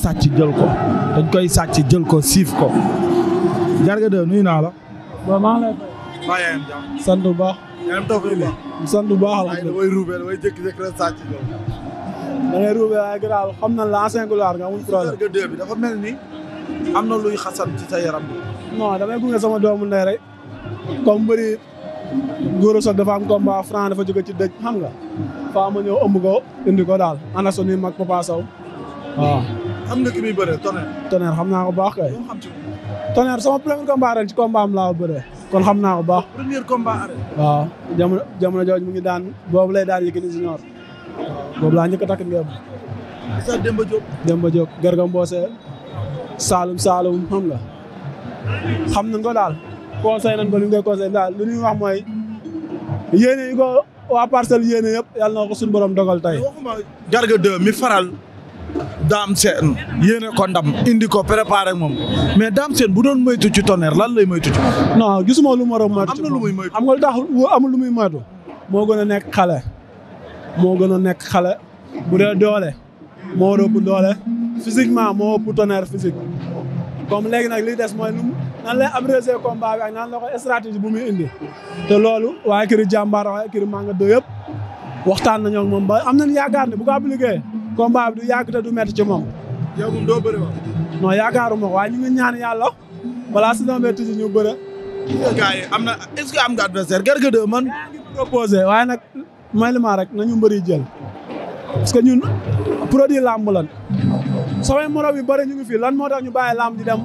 sàcc jël ko dañ koy sàcc jël ko siif ko Jarga de nuyu naa la. waaw maa ngi lay fay. baax. yaa ngi toog fii sant bu baax la. damay ruubee damay jékki da ngay xam na l'ancien gloire nga dafa mel ni am na luy xasan ci sa yaram bi. non damay gunge sama doomu ndey rek comme bëri góor dafa am combat franc dafa jóge ci dëj xam nga faa ma ñëw ëmb ko daal ana suñuy mag Papa Sow xam nga ki muy bëree Tonnerre. xam naa ko baax kay. Tonnerre sama premier combat ren ci combat laa ko kon xam naa ko baax. premier waaw jamono jamono jooju mu ngi daan boobu lay daan Yékini Junior. boobu laa njëkk a takk ngeen. sa Demba Diop. Demba Diop Garga Mbossé. Saalum Saalum xam nga. xam nañ ko daal. conseil nañ ko li daal li ñuy wax mooy. yéene yi waa parcelle yéene yëpp yàlla na ko suñu borom dogal tey. Garga 2 mi faral. daam seen yéene ko ndam indi ko préparé moom mais daam seen bu doon moytu ci tonnerre lan lay moytu no non gisuma lu mu war a am na lu muy am nga lu tax amul lu muy moytu. moo gën a nekk xale. moo gën a nekk xale. bu dee doole. moo war a ëpp doole. moo ëpp tonnerre physique. comme léegi nag li des mooy lu nan lay abréger combat bi ak nan la ko bu muy indi. te loolu waa kiri jàmbaar waa kiri manga do yëpp waxtaan nañoo ak moom ba am nañu yaakaar ne bu ko appliqué. combat bi du yàgg te du métti ci moom. waaye ñu ngi ñaan yàlla balaa saison bee toujours ñu bëre. gars am na est que am nga adversaire Garga 2 man. yaa ngi proposé waaye nag may li ma rek nañu mbëri jël parce que ñun produit làmb lan samay morom yu bëri ñu ngi fi lan moo tax ñu bàyyi làmb di dem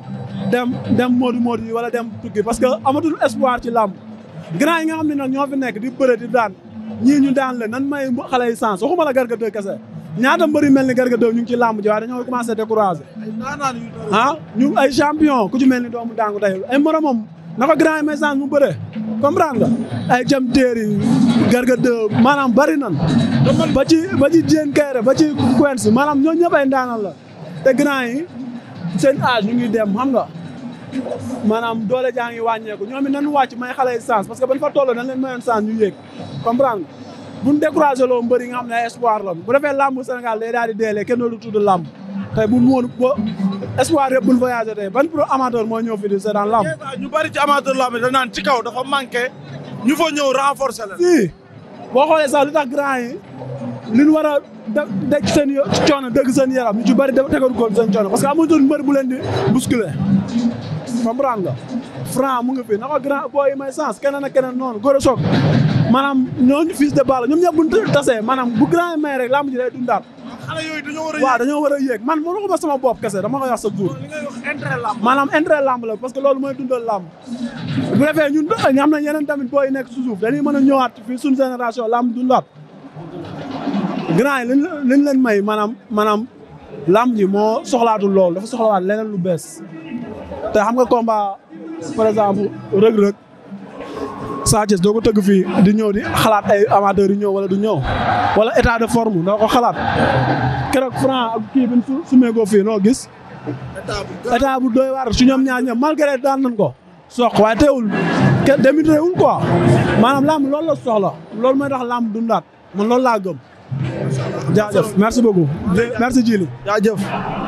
dem dem moodu moodu yi wala dem tukki parce que amatul espoir ci làmb grand yi nga xam ne nag ñoo nekk di bëre di daan ñu daan leen nan may xale yi sens waxuma la Garga kese. ñaata mbër yu mel ni Garga 2 ñu ngi ci làmb ji waaye dañoo commencé découragé ah ñu ay champion ku ci mel ni doomu daangu tey ay moromam na ko grand message mu bëre comprendre nga ay jam téer yi Garga 2 maanaam bari nan ba ci ba ci jéen kayre ba ci Quench maanaam ñoo ñëpp ay ndaanal la te grand yi seen âge ñu ngi dem xam nga maanaam doole jaa ngi wàññeeku ñoom it nañu wàcc may xale yi chance parce que bañ fa toll dañ leen mayoon chance ñu yéeg comprendre nga bu ñu découragé loo mbër yi nga xam ne espoir la bu defee làmb Sénégal day daal di deelee kenn du tudd làmb tey bu mu woon ba espoir yëpp bu ñu voyagé tey ban pro moo ñëw fi di ñu bari ci amateur làmb yi dañ naan ci kaw dafa manqué ñu fa ñëw renforcer la. si boo xoolee sax lu tax grand yi li ñu war a dégg seen coono dégg seen yaram ñu ci bari tegoon ko seen coono parce que amatul mbër bu leen di bousculer comprendre nga franc mu ngi fi na ko grand booy may sens keneen ak keneen noonu góor a maanaam ñooñu fiis de Balla ñoom ñëpp bu ñu tasee maanaam bu grand may rek lamb ji day dundaat waaw dañoo war a yéeg man mënu ko ma sama bopp kese dama koy wax sa jour maanaam intérêt lamb la parce que loolu mooy dundal lamb bu defee ñun ñu am na yeneen tamit booy nekk suuf dañuy mën a ñëwaat fii suñu génération lamb dundaat grand yi liñ leen may maanaam maanaam lamb ji moo soxlaatul loolu dafa soxlawaat leneen lu bees te xam nga combat par exemple rëg-rëg Sa doo ko tëgg fii di ñëw di xalaat ay amateurs yu ñëw wala du ñëw wala état de forme doo ko xalaat keroog Franc ak kii bi su meegoo fii noo gis. état bu doy waar su ñoom ñaar ñoom malgré daan nañ ko. soq waaye teewul kenn demutee wul quoi maanaam lamb loolu la soxla loolu mooy tax lamb dundaat man loolu laa gëm. jaajëf merci beaucoup merci Djily jaajëf.